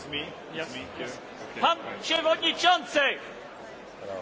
It's me. Yes. It's me here. Okay. Pan przewodniczący! Hello.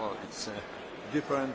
Oh, it's a different